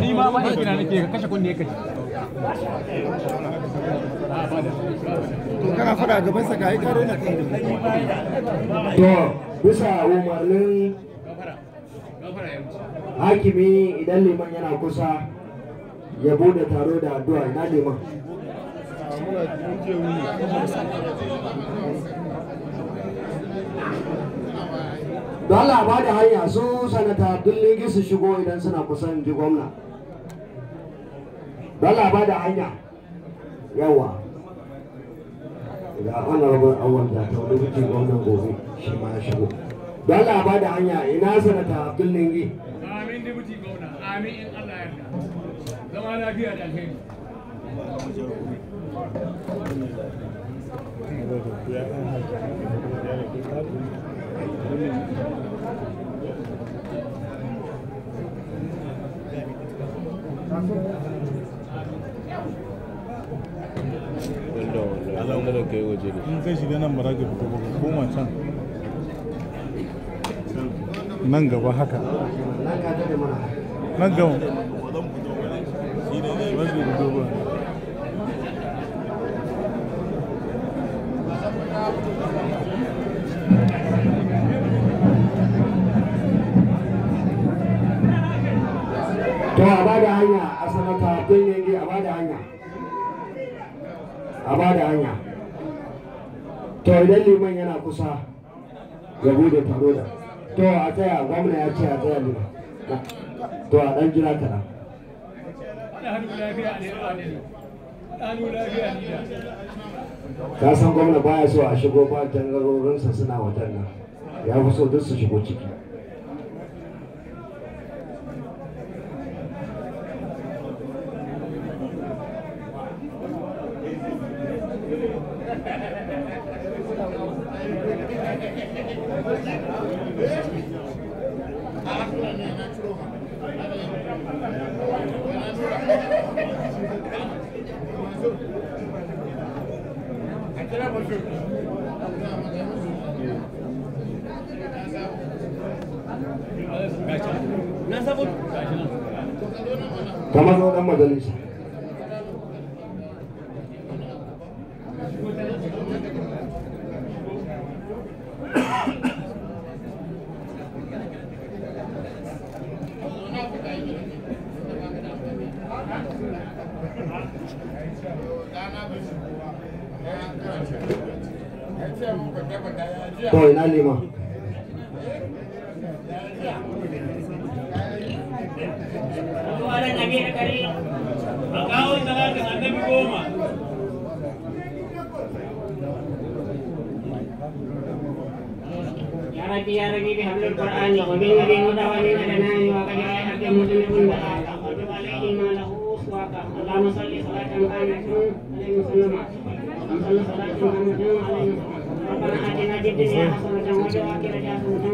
ni ma ba ina nake ka kashe to bisa umarnin hakimi idan liman yana kusa ya bude taro da addu'a ina liman Allah ba da hanya su sanata dulligi su shigo idan suna kusan ji gwamna. Allah ba da hanya yawa. Ga honorable awon da ta wani gwamnan gobe shi ma ya shigo. Dala ba da hanya ina sanata dulligi. mataimakin deputy gwamna amin in Allah ya zama da alheri Allah kai waje ne in kai nan ba fito ko nan gaba haka nan gaba to a bada hanya a sanata don yange a bada hanya a bada hanya to idan liman yana kusa ya bude taro da to a tsaya gwamna ya ce a tsaya ne to a dan jira kana ka san gwamna baya so a shigo ba tangarorinsa suna watan nan ya fi so duk su shigo ciki કરી છે તો એના લીમાં بالقرآن وبالنبي متولين لنا وقد حق مذنب بلاغا واجب عليه ما له أسواقا اللهم صل صلاة كانت عليه وسلم اللهم صل صلاة كانت عليه وسلم ربنا آتنا في الدنيا حسنة وفي الآخرة حسنة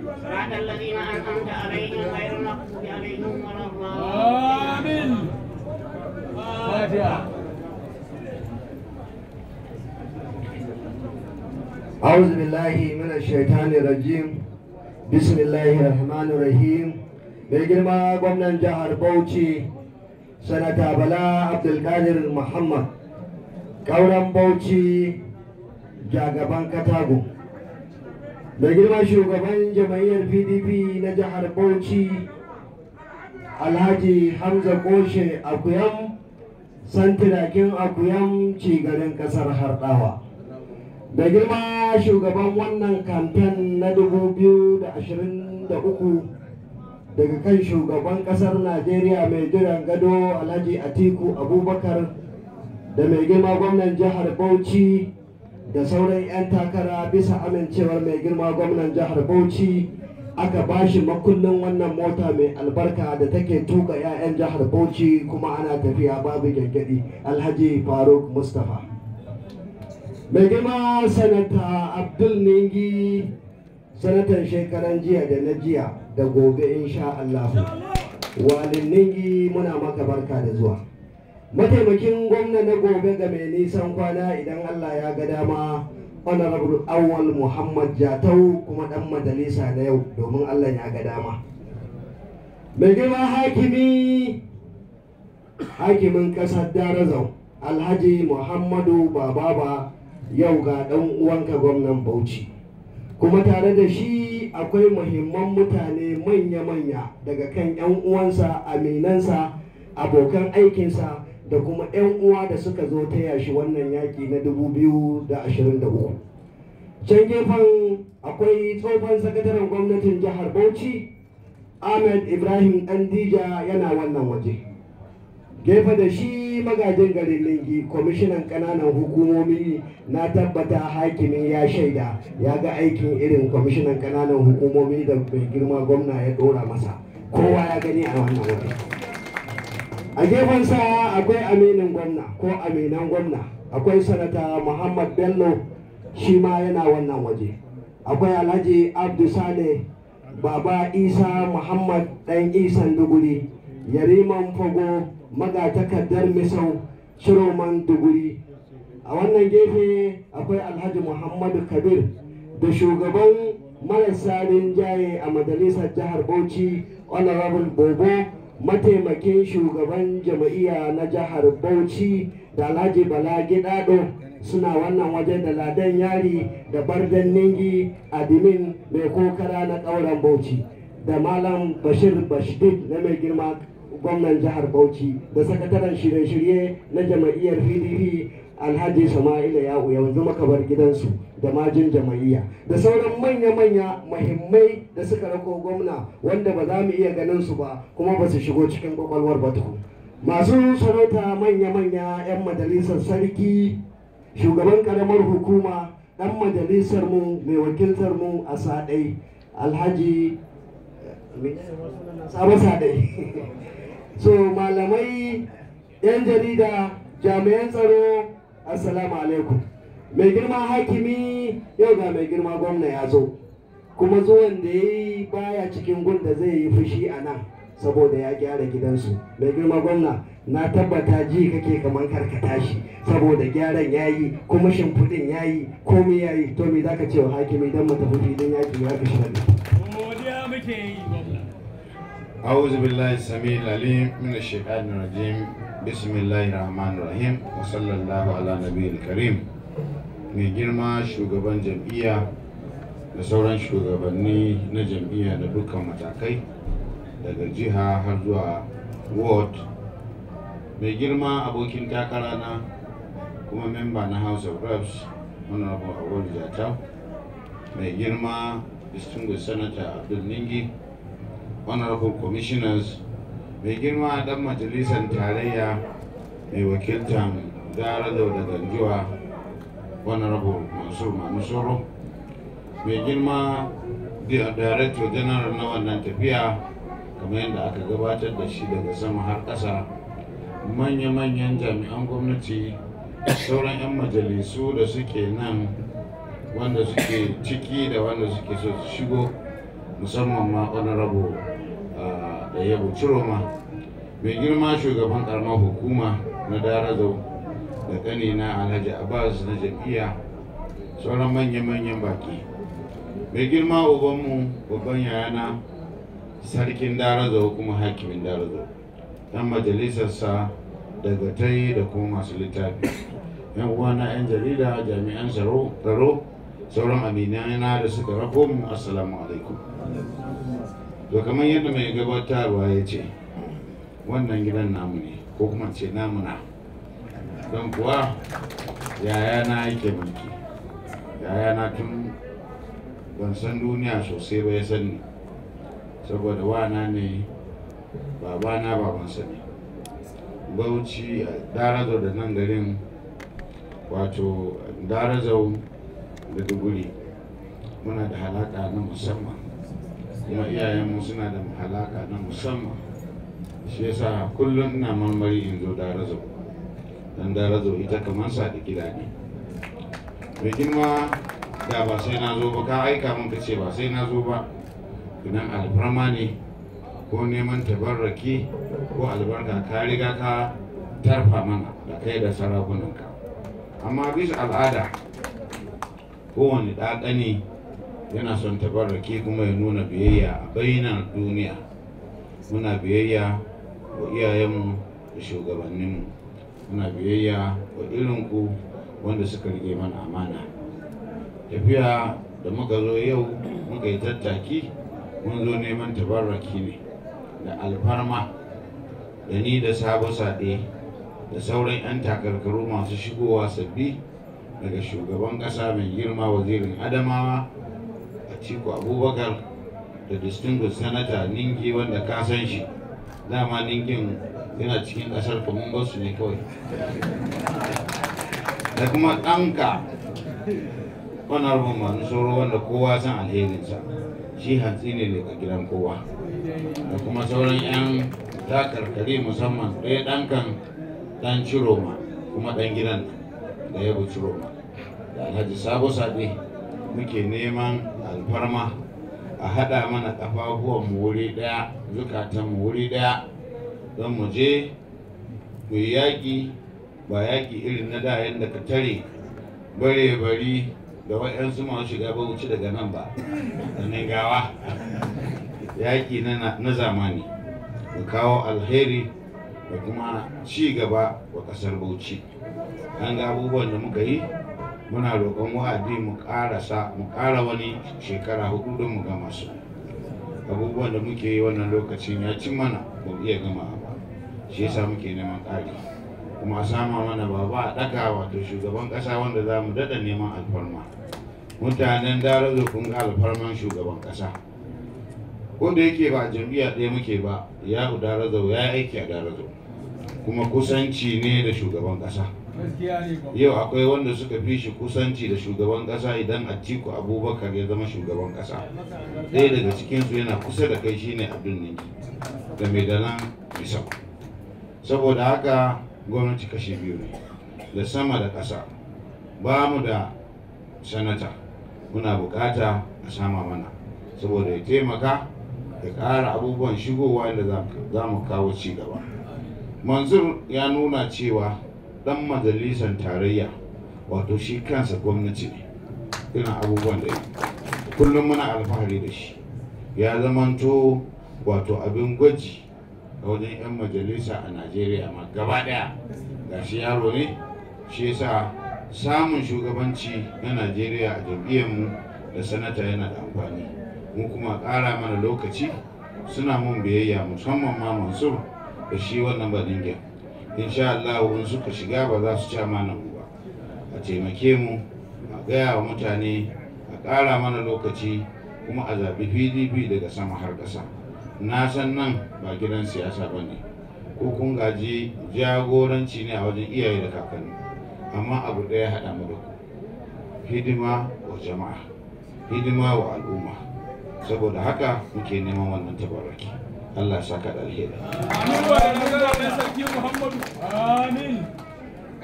بعد الذين أنعمت عليهم غير المغضوب عليهم ولا الضالين آمين فاتحة أعوذ بالله من الشيطان الرجيم بسم الله الرحمن الرحيم mai girma gwamnan jihar bauchi sanata bala abdulkadir muhammad kauran bauchi jagaban katago da girma shugaban jam'iyyar pdp na jihar bauchi alhaji hamza koshe akuyam santirakin akuyam cigarin kasar Hardawa. da girma shugaban wannan kamfen na 2023 daga kan shugaban kasar najeriya mai jiran gado alhaji atiku abubakar da mai girma gwamnan jihar bauchi da sauran 'yan takara bisa amincewar mai girma gwamnan jihar bauchi aka ba shi makullin wannan mota mai albarka da take tuka 'ya'yan jihar bauchi kuma ana tafiya babu gyaggyaɗi alhaji faruk mustapha mai girma sanata abdul ningi sanatan shekaran jiya da na jiya da gobe insha allahu walin ningi muna maka barka da zuwa mataimakin gwamna na gobe ga mai nisan kwana idan allah ya ga dama honorable awal muhammad jatau kuma dan majalisa na yau domin allah ya ga dama mai girma hakimi hakimin kasar darazau alhaji muhammadu bababa yau ga dan uwanka gwamnan bauchi kuma tare da shi akwai muhimman mutane manya-manya daga kan 'yan uwansa aminansa abokan aikinsa da kuma 'yan uwa da suka zo ta yashi wannan yaƙi na 2023 can gefen akwai tsohon sakataren gwamnatin jihar bauchi ahmed ibrahim dija yana wannan waje gefe da shi magajin garin lingi kwamishinan ƙananan hukumomi na tabbata hakimin ya shaida ya ga aikin irin kwamishinan kananan hukumomi da mai girma gwamna ya ɗora masa kowa ya gani a wannan waje a gefen sa akwai aminin gwamna ko aminan gwamna akwai sanata muhammad bello shi ma yana wannan waje akwai alhaji abdu sale baba isa muhammad dan isan duguri yariman fago magatakardar misau shiroman duguri a wannan gefe akwai alhaji muhammadu kabir da shugaban marasa jaye a majalisar jihar bauchi honorable bobo mataimakin shugaban jama'iyya na jihar bauchi da alhaji bala gidado suna wannan wajen da ladan yari da bardan ningi adimin mai kokara na ƙauren bauchi da malam bashir bashdid na mai girma gwamnan jihar bauchi da sakataren shirye-shirye na jama'iyyar pdp alhaji shama'ila yahu yanzu bar gidansu da majin jama'iyya da sauran manya-manya mahimmai da suka rako gwamna wanda ba za mu iya ganin su ba kuma ba su shigo cikin kwakwalwar ba masu sarauta manya-manya 'yan majalisar sarki shugaban karamar hukuma dan majalisar mu mai wakiltar mu a sadai alhaji sabon sadai so malamai 'yan jarida jami'an tsaro assalamu alaikum mai girma hakimi yau ga mai girma gwamna ya zo kuma zuwan da ya yi baya cikin gun da zai yi fushi a nan saboda ya gyara gidansu mai girma gwamna na tabbata ji kake kamar karkata shi saboda gyaran ya yi kuma shimfiɗin ya yi komai ya yi to me za ka wa hakimi don mu tafi filin yaƙi ya fi shirya أعوذ بالله السميع العليم من الشيطان الرجيم bismillahir rahmanir rahim wa sallallahu ala nabiyil karim mai girma shugaban jam'iyya da sauran shugabanni na jam'iyya da dukkan matakai daga jiha har zuwa ward mai girma abokin takara na kuma memba na house of reps honorable awol jata mai girma distinguished senator abdul ningi honorable commissioners mai girma dan majalisar tarayya mai wakiltan darado da gangiwa honorable masu manusoro mai girma director general na wannan tafiya kamar yadda aka gabatar da shi daga sama har ƙasa manya-manyan jami'an gwamnati sauran 'yan majalisu da suke nan wanda suke ciki da wanda suke so shigo musamman ma honorable da yabo ciroma mai girma shugaban karamar hukuma na darazau da kane na alhaji abbas na jam'iyya sauran manya-manyan baki mai girma ubanmu babban yayana sarkin darazau kuma hakimin darazau dan majalisarsa daga tai da kuma masu littafi yan uwana yan jarida jami'an tsaro sauran aminai na da suka rako mu assalamu alaikum to kamar yadda mai gabatarwa ya ce wannan gidan namu ne ko kuma ce namuna don kuwa yayana yake mulki yayana tun ban san duniya sosai ba ya sani saboda wana ne babana babansa ne bauchi darazo da nan garin wato darazau da duguri muna da halaka na musamman kuma iyayenmu suna da halaka na musamman shi yasa kullum ina marmari in zo darazo dan darazo ita kamar sa da ne mai girma da ba sai na zo ba ka aika mun ka ce ba sai na zo ba idan alfarma ne ko neman tabarraki ko albarka ka riga ka tarfa mana da kai da sarakunanka amma bisa al'ada kowane ɗaɗa ne yana son tabarraki kuma ya nuna biyayya a bainar duniya muna biyayya wa iyayenmu da shugabanninmu muna biyayya wa irinku wanda suka rige mana amana tafiya da muka zo yau muka yi tattaki mun zo neman tabarraki ne da alfarma da ni da sabo sade da sauran 'yan takarkaru masu shigowa sabbi daga shugaban ƙasa mai girma wazirin adamawa Atiku Abubakar da distinguished senator Ningi wanda ka san shi dama Ningin yana cikin kasar Commonwealth ne kawai da kuma ɗanka honorable Manu Soro wanda kowa san alherinsa shi hantsi ne ga gidan kowa da kuma sauran 'yan takarkari musamman ɗaya ɗankan ɗan Ciroma kuma ɗan gidan da ya Ciroma da Alhaji Sabo Sade muke neman alfarma a haɗa mana mu wuri zukatan mu wuri ɗaya don mu je mu yaki ba yaki irin na da yadda ka tare bare bari da wa'yansu masu shiga bauchi daga nan ba sannan gawa yaki na zamani mu kawo alheri da kuma ci gaba wa ƙasar bauchi an ga abubuwan da muka yi muna roƙon wa'adi mu ƙarasa mu ƙara wani shekara hudu don mu gama su abubuwan da muke yi wannan lokacin ya ci mana ba iya gama ba shi yasa muke neman ƙari kuma a sama mana baba a ɗaka wato shugaban ƙasa wanda za mu daɗa neman alfarma mutanen darazo kun ga alfarman shugaban ƙasa wanda yake ba jam'iyya ɗaya muke ba ya darazo ya aiki a darazo kuma kusanci ne da shugaban ƙasa yau akwai wanda suka fi shi kusanci da shugaban kasa idan a atiku abubakar ya zama shugaban kasa Daya daga cikinsu yana kusa da kai shine a ninki da mai dalan bisau saboda haka gwamnati kashi biyu ne da sama da ƙasa ba mu da sanata muna bukata a sama mana saboda ya taimaka ya kara abubuwan shigowa da za mu kawo ci gaba mansur ya nuna cewa dan majalisar tarayya wato shi kansa gwamnati ne ina abubuwan da kullum muna alfahari da shi ya zamanto wato abin gwaji a wajen 'yan majalisa a najeriya ma gaba daya ga shi yaro ne shi yasa samun shugabanci na najeriya a jam'iyyar mu da sanata yana da amfani mu kuma ƙara mana lokaci suna mun biyayya musamman ma mansur da shi wannan baningiya insha Allah wurin suka shiga ba za su ci mana ba a taimake mu a gaya wa mutane a ƙara mana lokaci kuma a zaɓi pdp daga sama har ƙasa na san nan ba gidan siyasa ba ne ko kun gaji jagoranci ne a wajen iyaye da kakanni amma abu ɗaya haɗa mu da ku hidima wa jama'a hidima wa al'umma saboda haka muke neman wannan tabaraki Allah ya saka da alheri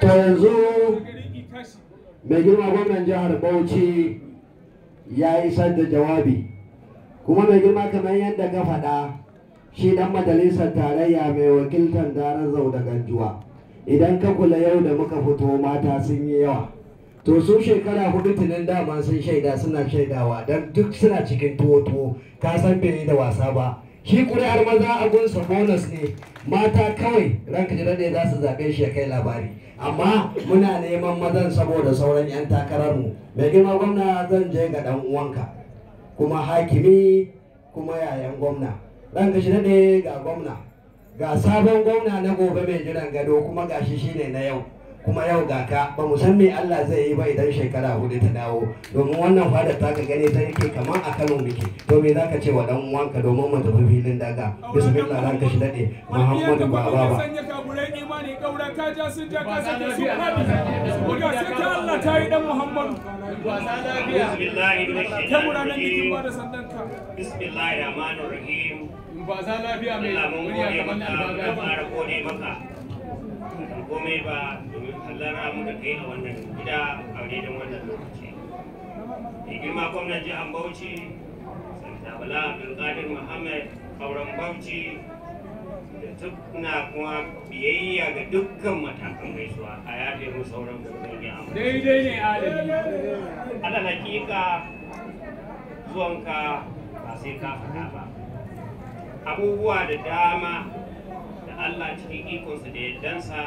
to yanzu mai girma gwamnan jihar Bauchi ya isar da jawabi kuma mai girma kamar yadda ka faɗa shi dan majalisar tarayya mai wakiltar daren zau da ganjuwa idan ka kula yau da muka fito mata sun yi yawa to su shekara hudu tunan dama sun shaida suna shaidawa don duk suna cikin tuwo-tuwo ka san bai da wasa ba shi ƙuri'ar maza a gunsa bonus ne mata kawai ranka ji daɗe za su zaɓe shi ya kai labari amma muna neman mazan saboda sauran 'yan takararmu mai girma gwamna zan je ga ɗan uwanka kuma hakimi kuma yayan gwamna ranka shi daɗe ga gwamna ga sabon gwamna na gobe mai jiran gado kuma gashi shine na yau kuma yau ga ka ba mu san me Allah zai yi ba idan shekara hudu ta dawo domin wannan fada ta ka gane ta yake kamar a Kano biki to me zaka ce wa dan uwanka domin mu tafi filin daga bismillah ranka shi dade Muhammadu baba ba sun ja Allah ta yi dan Muhammadu lafiya ta ba da sandanka bismillah rahmanir rahim ba za lafiya mai murya kamar albaga ba maka zara muka kai a wannan gida a redon wannan lokaci mai girma gwamnan jihar bauchi santa bala abdulkadir muhammad auren bauchi da tukna kuma biyayya ga dukkan matakan gaisuwa a yaɗe mu sauran gurbin ya daidai ne adali ala hakika zuwanka ba sai ka faɗa ba abubuwa da dama da allah cikin ikonsa da yaddansa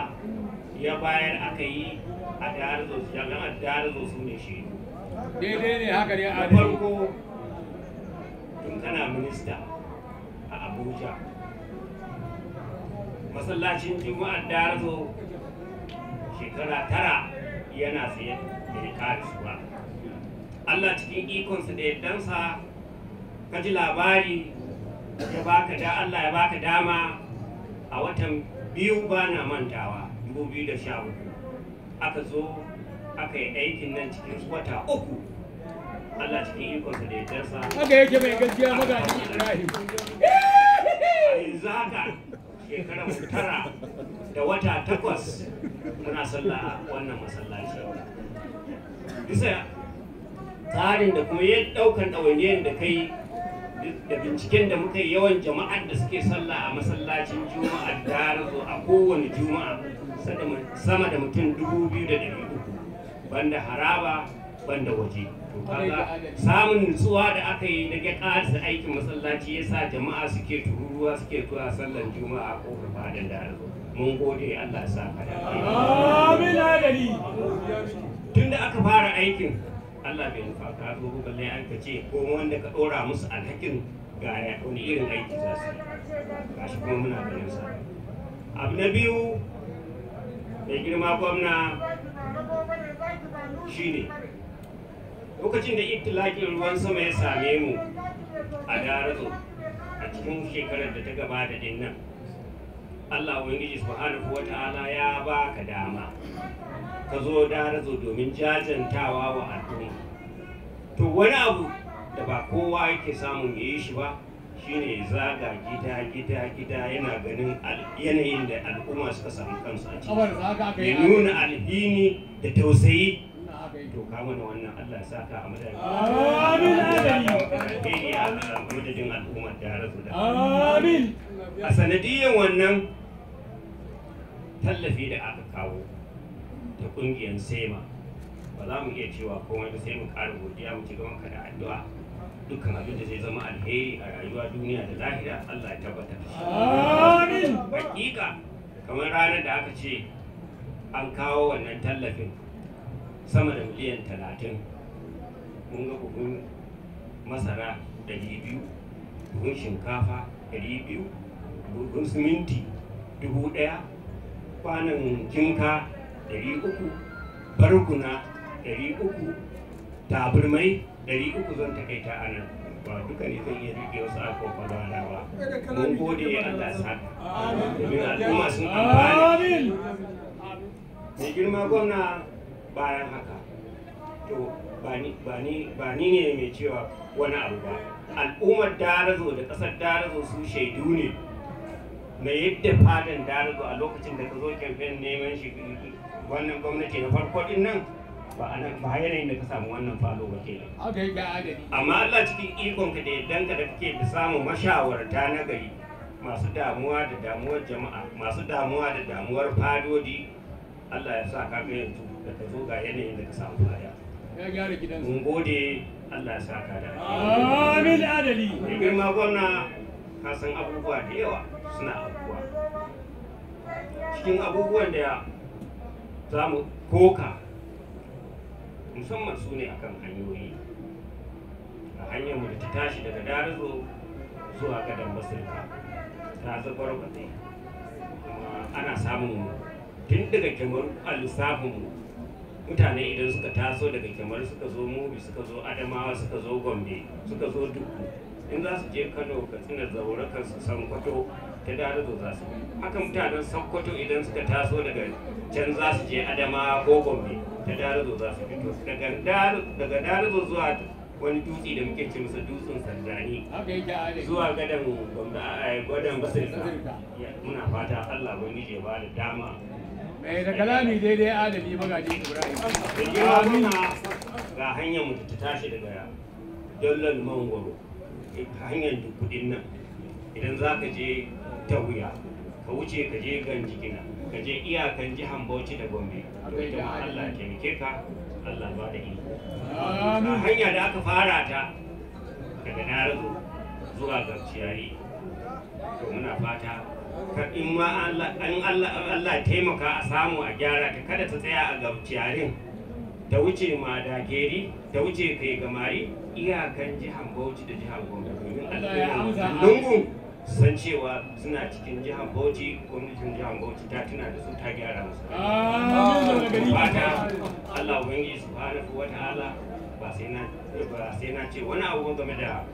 ya bayar aka yi a tare da su jami'an tare da su ne shi daidai ne haka ne a farko tun kana minista a abuja masallacin juma'ar darzo shekara tara yana tsaye da ya kare su ba allah cikin ikonsa da yaddansa ka ji labari ya baka da allah ya baka dama a watan biyu ba na mantawa 2014 aka zo aka yi aikin nan cikin wata uku Allah cikin ikonsa da yardarsa aka yake mai gaskiya magani Ibrahim yanzu haka shekara tara da wata takwas muna sallah wannan masallaci bisa tsarin da kuma ya daukan ɗawainiyar da kai da binciken da muka yi yawan jama'ar da suke sallah a masallacin juma'a da a kowane juma'a sama da mutum dubu biyu da ɗari uku banda haraba banda waje to kaga samun nutsuwa da aka yi na ƙarasa aikin masallaci yasa jama'a suke tururuwa suke zuwa sallar juma'a ko fadan da mun gode Allah sa ka da tunda aka fara aikin Allah bai nufa ka zo balle an ka ce ko wanda ka dora musu alhakin ga wani irin aiki za su yi gashi kuma muna ganin sa abu na biyu mai girma gwamna ne, lokacin da itilakin ruwan sama ya same mu a darazo a cikin shekarar da ta gabata din nan Allah Ubangiji subhanahu wata'ala ya baka dama ka zo darazo domin jajantawa wa al'umma to wani abu da ba kowa yake samun yayi shi ba shine zaga gida gida gida yana ganin yanayin da al'umma suka samu kansu a ciki ya nuna alhini da tausayi to ka mana wannan Allah sa ka a madadin amin amin a da rasu da amin a sanadiyan wannan tallafi da aka kawo ta kungiyar sema ba za mu iya cewa komai ba sai mu ƙara godiya mu ci gaban ka da addu'a dukkan abin da zai zama alheri a rayuwa duniya da lahira Allah ya tabbata amin hakika kamar ranar da aka ce an kawo wannan tallafin sama da miliyan talatin mun ga buhun masara ɗari biyu shinkafa ɗari biyu siminti dubu ɗaya kwanan jinka ɗari uku barguna ɗari Dari uku zan takaita a nan ba duka ne zan iya rike wasu alfafa rana ba mun gode ya Allah sa domin al'umma sun amfana mai girma gwamna bayan haka to ba ni ne mai cewa wani abu ba al'ummar darazo da ƙasar darazo su shaidu ne na yadda fadan darazo a lokacin da ka zo kyamfen neman shi wannan gwamnati na farko din nan ba ana ba yanayin da ka samu wannan falo ba ke haka amma Allah cikin ikon ka da yaddan ka da kake da samun mashawarta na gari masu damuwa da damuwar jama'a masu damuwa da damuwar fadodi Allah ya sa ka ga yanzu da ka zo ga yanayin da ka samu baya ya gyara gidan mun gode Allah ya sa ka da amin adali ne girma gwamna ka san abubuwa da yawa suna abubuwa cikin abubuwan da za mu koka musamman su ne akan hanyoyi a hanyar mu da ta tashi daga darizo zuwa gadon basirka ta zabar kwatsai kuma ana samun tun daga kyamar a mutane idan suka taso daga kyamar suka zo mubi suka zo adamawa suka zo gombe suka zo duk in za su je kano katsina zaure kan su san kwato ta dare zo za su haka mutanen sokoto idan suka taso daga can za su je adama ko gombe ta dare zo za su fito daga dare zo zuwa wani dutse da muke ce masa dutsen sardani zuwa gadan gwadon basirka muna fata allah wani ya ba da dama mai da kalami daidai adali magaji ibrahim da ga hanyar mu ta tashi daga dollar mangoro hanyar dukudin nan idan za ka je ta wuya ka wuce ka je gan gina ka je iyakan jihan bauchi da gombe to ita ma Allah taimake ka Allah ba da iko hanya da aka fara ta daga narazo zuwa ga ciyari to muna fata ka in ma Allah an Allah Allah taimaka a samu a gyara ta kada ta tsaya a ga ciyarin ta wuce madageri ta wuce kai gamari iyakan jihan bauchi da jihan gombe domin Allah ya amsa san cewa suna cikin jihar bauchi gwamnatin jihar bauchi ta tuna da su ta gyara musu fata ah, allah ubangiji su hana wa ta'ala ba sai na ce wani abu game da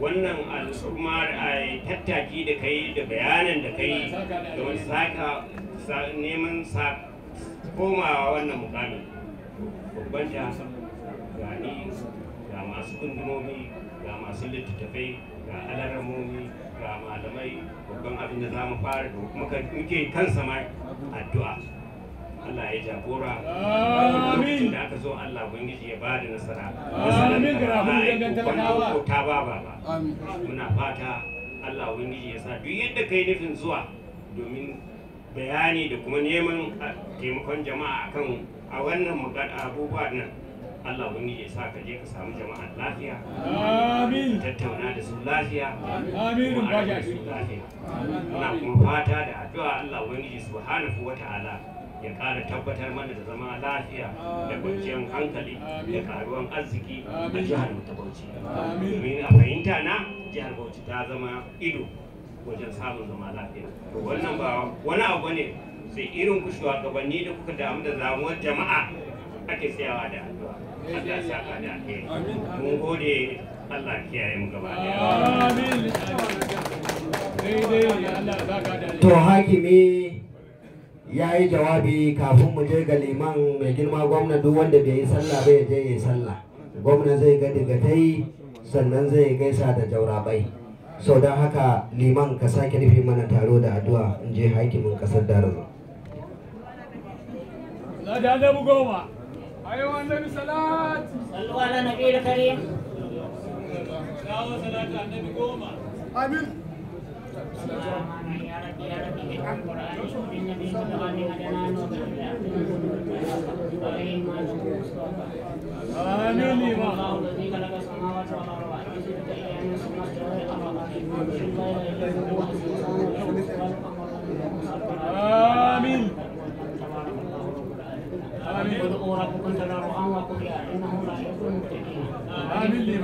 wannan al'umma a tattaki da kai da bayanan da kai da wani saka neman sa komawa wannan mukamin babban ta ga ni ga masu kundumomi ga masu littattafai ga alaramomi ga malamai babban abin da za mu fara da kuma muke kansa ma addu'a Allah ya jagora amin da aka zo Allah ubangiji ya ba da nasara amin ga rahama dangantalakawa ko ta ba ba amin muna fata Allah ubangiji ya sa duk yadda kai nufin zuwa domin bayani da kuma neman taimakon jama'a akan a wannan abubuwa nan Allah wani ya sa ka je ka samu jama'a lafiya amin tattauna da su lafiya amin ba su lafiya muna kuma fata da addu'a Allah wani subhanahu wata'ala ya ƙara tabbatar mana da zama lafiya da kwanciyar hankali da karuwan arziki a jihar Bauchi. ta domin a fahimta na jihar Bauchi ta zama ido wajen samun zama lafiya to wannan ba wani abu ne sai irin ku shugabanni da kuka damu da zamuwar jama'a ake tsayawa da addu'a Allah da mun gode Allah kiyaye mu gaba to hakimi ya yi jawabi kafin mu je ga liman mai girma gwamna duk wanda bai yi sallah bai ya je ya yi sallah gwamna zai ga digatai sannan zai gaisa da jaurabai sau don haka liman ka sake rufe mana taro da addu'a in je hakimin kasar darin لا ده ده ابو قومه ايوه النبي صلاه صلوا على النبي الكريم صلوا صلاه على النبي قومه امين يا رب يا رب الحمد لله النبي صلى الله عليه وسلم امين الله الذي خلق السماوات والارض وعلى كل شيء قدير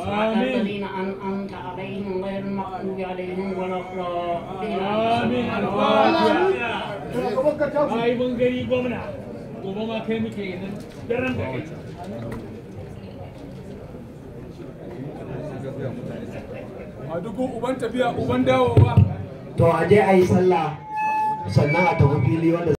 Amin. الذين أنعمت عليهم غير المغضوب عليهم ولا آمين a to yi sallah sannan a tafi fili wanda